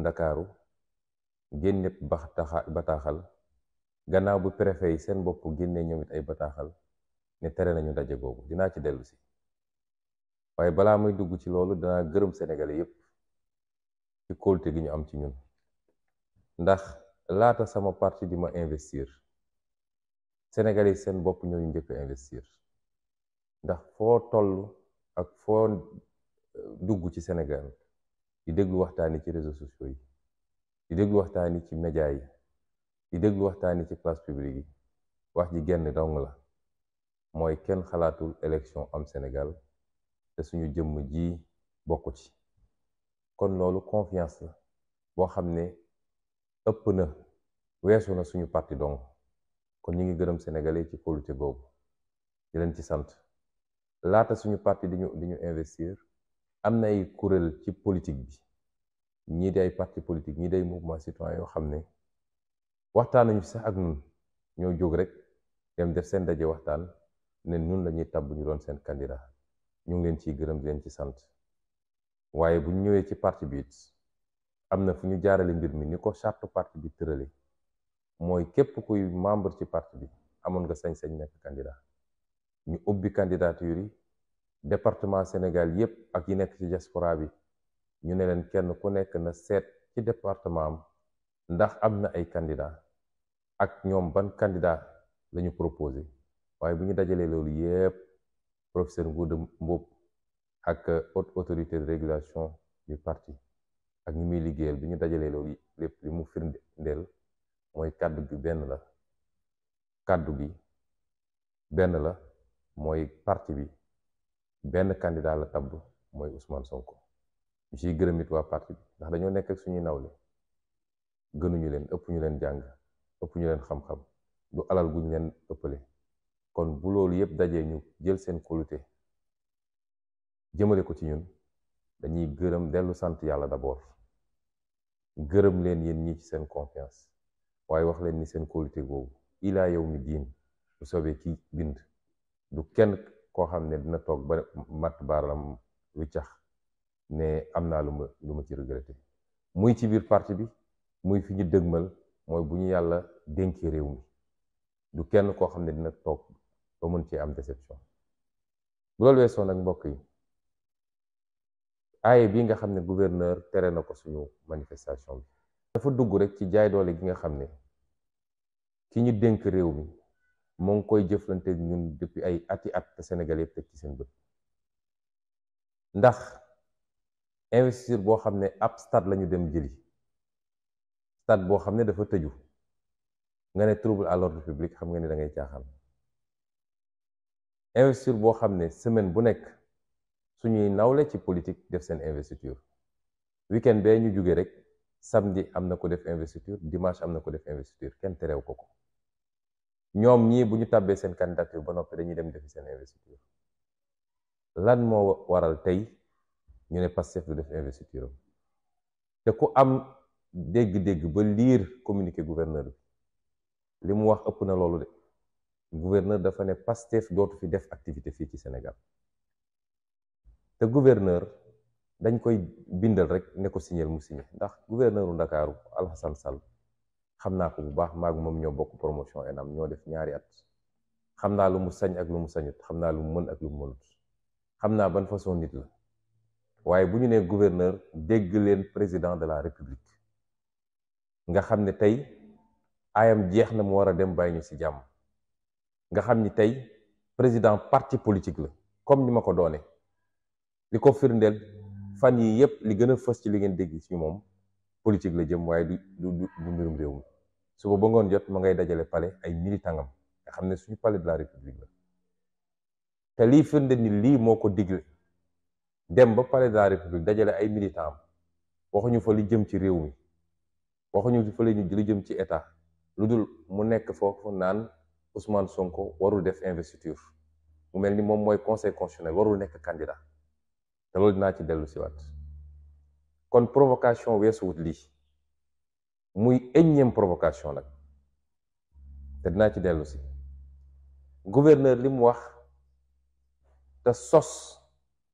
ndakaaru génneb bataaxal gannaaw bu préfet yi seen bopp génne ñoom ay bataaxal ne tere nañu daje boobu dinaa ci dellusi waaye balaa muy dugg ci loolu danaa gërëm Sénégalais yépp ci kóolute gi ñu am ci ñun ndax laata sama parti di ma investir Sénégalais yi seen bopp ñooñu njëkk a investir ndax foo toll ak foo euh, dugg ci Sénégal di déglu waxtaan yi ci réseau sociaux yi di déglu waxtaan yi ci média yi di déglu waxtaan yi ci place publique yi wax ji genn dong la mooy kenn xalaatul élection am Sénégal te suñu jëmm ji bokku ci kon loolu confiance la boo xam ne ëpp na weesu na suñu parti dong kon ñu ngi gërëm sénégalais ci kóolute boobu di leen ci sant laata suñu parti di ñu di ñu investir am na ay kuréel ci politique bi ñii di ay parti politique ñii day mouvement citoyen yoo xam ne waxtaan nañu sax ak ñun ñoo jóg rek dem def seen daje waxtaan ne ñun lañuy tàbb ñu doon seen candidat ñu ngi leen ciy gërëm di leen ci sant waaye bu ñu ñëwee ci parti bi it am na fu ñu jaarale mbir mi ni ko charte partie bi tërale mooy képp kuy membre ci parti bi amoon nga sañ-sañ nekk candidat ñu ubbi candidature yi département Sénégal yépp ak yu nekk ci diaspora bi ñu ne leen kenn ku nekk na seet ci département am ndax am na ay candidat ak ñoom ban candidat lañu proposé waaye bu ñu dajalee loolu yépp professeur Ngouda Mboup ak haute autorité de régulation du parti ak ñi muy liggéeyal bi ñu dajalee loolu lépp li mu firndeel mooy kàddu gi benn la kàddu bi benn la mooy parti bi benn candidat la tabb mooy Ousmane Sonko ñu ciy gërëm waa parti bi ndax dañoo nekk ak suñuy nawle gënuñu leen ëpp ñu leen jàng ëpp ñu leen xam-xam du alal guñ leen ëppale kon bu loolu yëpp dajee ñu jël seen kóolute jëmale ko ci ñun dañuy gërëm dellu sant yàlla d'abord gërëm leen yéen ñi ci seen confiance waaye wax leen ni seen kóolute boobu ilaa yow mi diin bu soobee ki bind du kenn koo xam ne dina toog ba matt mu wiccax ne am naa lu ma lu ma ci regretté muy ci biir parti bi muy fi ñu dëgmal mooy bu ñu yàlla dénkee réew mi du kenn koo xam ne dina toog ba mën cee am déception bu loolu weesoo ak mbokk yi aaye bii nga xam ne gouverneur tere na ko suñu manifestation bi dafa dugg rek ci jaay doole gi nga xam ne ki ñu dénk réew mi moo ngi koy jëflanteeg ñun depuis ay ati at te Sénégal yëpp teg ci seen bët ndax investiture boo xam ne ab stade lañu dem jëli stade boo xam ne dafa tëju nga ne trouble à l'ordre public xam nga ne da ngay caaxaan investiture boo xam ne semaine bu nekk suñuy nawle ci politique def seen investiture weekend bee ñu jóge rek samedi am na ko def investiture dimanche am na ko def investiture kenn terew ko ko ñoom ñii bu ñu tàbbee seen candidature ba noppi dañuy dem defi seen investiture lan moo waral tey ñu ne Pastef du def investiture te ku am dégg-dégg ba liir communiqué gouverneur bi li mu wax ëpp na loolu de gouverneur dafa ne Pastef dootu fi def activité fii ci senegal te gouverneur dañ koy bindal rek ne ko signal mu signé ndax gouverneuru Ndakaaru Alhassane Sall xam naa ko bu baax maag moom ñoo bokk promotion ENAM ñoo def ñaari at xam naa lu mu sañ ak lu mu sañut xam naa lu mu mën ak lu mu mënut xam naa ban façon nit la waaye bu ñu nee gouverneur dégg leen président de la république nga xam ne tey ayam jeex na mu war a dem bàyyi ñu si jàmm nga xam ni tey président parti politique la comme ni ma ko doone li ko firndeel fan yi yépp li gën a fës ci li ngeen dégg ci moom politique la jëm waaye du du du mbirum suba ba ngoon jot ma ngay dajale palais ay militangam nga xam ne suñu palais de république la te lii firnde ni lii moo ko digle dem ba palais de république dajale ay militant am waxuñu fa lu jëm ci réew mi waxuñu fa lu jëm ci état lu dul mu nekk foofu naan Ousmane Sonko warul def investiture mu mel ni moom mooy conseil constitutionnel warul nekk candidat te loolu dinaa ci dellu siwaat kon provocation weesuwut lii muy énième provocation nag te dinaa ci dellusi si gouverneur li mu wax te sos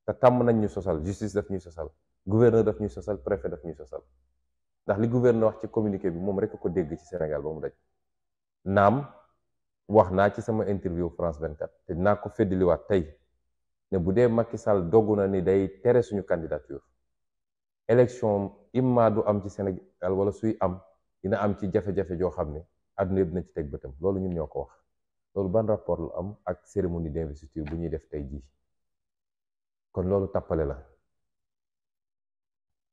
te tàmm nañ ñu sosal justice daf ñuy sosal gouverneur daf ñuy sosal préfet daf ñuy sosal ndax li gouverneur wax ci communiqué bi moom rek ko dégg ci Sénégal ba mu daj naam wax naa ci sama interview France 24 te dinaa ko feddaliwaat tey ne bu dee makki Sall dogg na ni day tere suñu candidature élection imma du am ci Sénégal wala suy am dina am ci jafe-jafe joo xam ne àdduna yëpp nañ ci teg bëtam loolu ñun ñoo ko wax loolu ban rapport lu am ak cérémonie d'investiture bu ñuy def tey jii kon loolu tappale la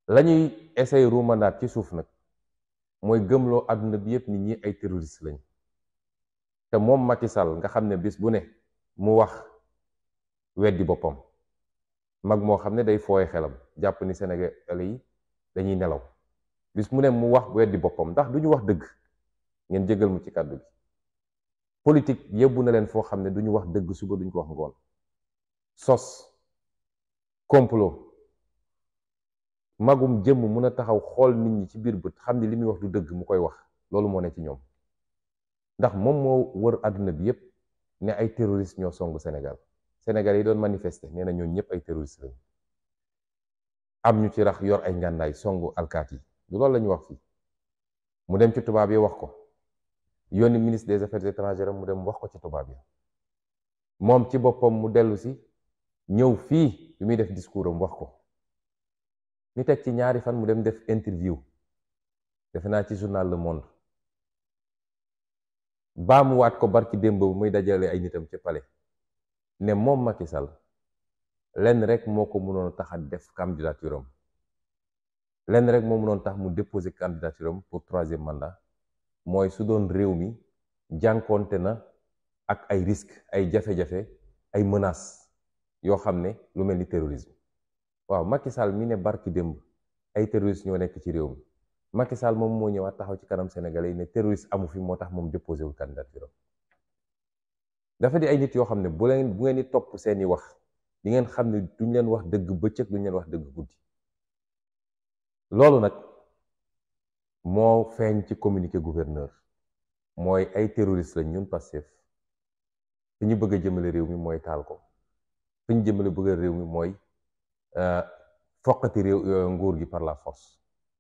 lañuy ñuy essayer ci suuf nag mooy gëmloo àdduna bi yëpp nit ñi ay terroriste lañ te moom Macky Sall nga xam ne bis bu ne mu wax weddi boppam mag moo xam ne day fooy xelam jàpp ni Sénégalais yi dañuy nelaw bis mu ne mu wax weddi boppam ndax du ñu wax dëgg ngeen jégal mu ci kàddu gi politique yóbbu na leen foo xam ne du wax dëgg suba duñ ko wax ngoon sos complot magum jëm mun a taxaw xool nit ñi ci biir bët xam ni li muy wax du dëgg mu koy wax loolu moo ne ci ñoom ndax moom moo wër àdduna bi yépp ne ay terroriste ñoo songu senegal senegal yi doon manifester nee na ñoo ñëpp ay terroriste lañu am ñu ci rax yor ay ngàndaay songu alkaat yi du loolu la ñu wax fii mu dem ci tubaab yi wax ko yoon yónni ministre des affaires étrangères mu dem wax ko ci tubaab yi moom ci boppam mu dellu si ñëw fii bi muy def discours am wax ko ñu teg ci ñaari fan mu dem def interview defe naa ci journal Le Monde baa mu waat ko barki démb muy dajale ay nitam ci palais ne moom Macky Sall lenn rek moo ko mënoon tax a def candidature am lenn rek moo mënoon tax mu déposer candidature am pour troisième mandat mooy su doon réew mi jànkoonte na ak ay risques ay jafe-jafe ay menaces yoo xam ne lu mel ni terrorisme waaw makki Sall mi ne barki démb ay terroristes ñoo nekk ci réew mi Macky Sall moom moo ñëwaat taxaw ci kanam Sénégalais yi ne terroriste amu fi moo tax moom déposé wul candidature am dafa di ay nit yoo xam ne bu leen bu ngeen di topp seeni wax di ngeen xam ne ñu leen wax dëgg bëccëg duñ leen wax dëgg guddi. loolu nag moo feeñ ci communiqué gouverneur mooy ay terroriste lañ ñun Pastef fi ñu bëgg a jëmale réew mi mooy taal ko fi ñu jëmale bëgg réew mi mooy euh, foqati réew euh, nguur gi par la force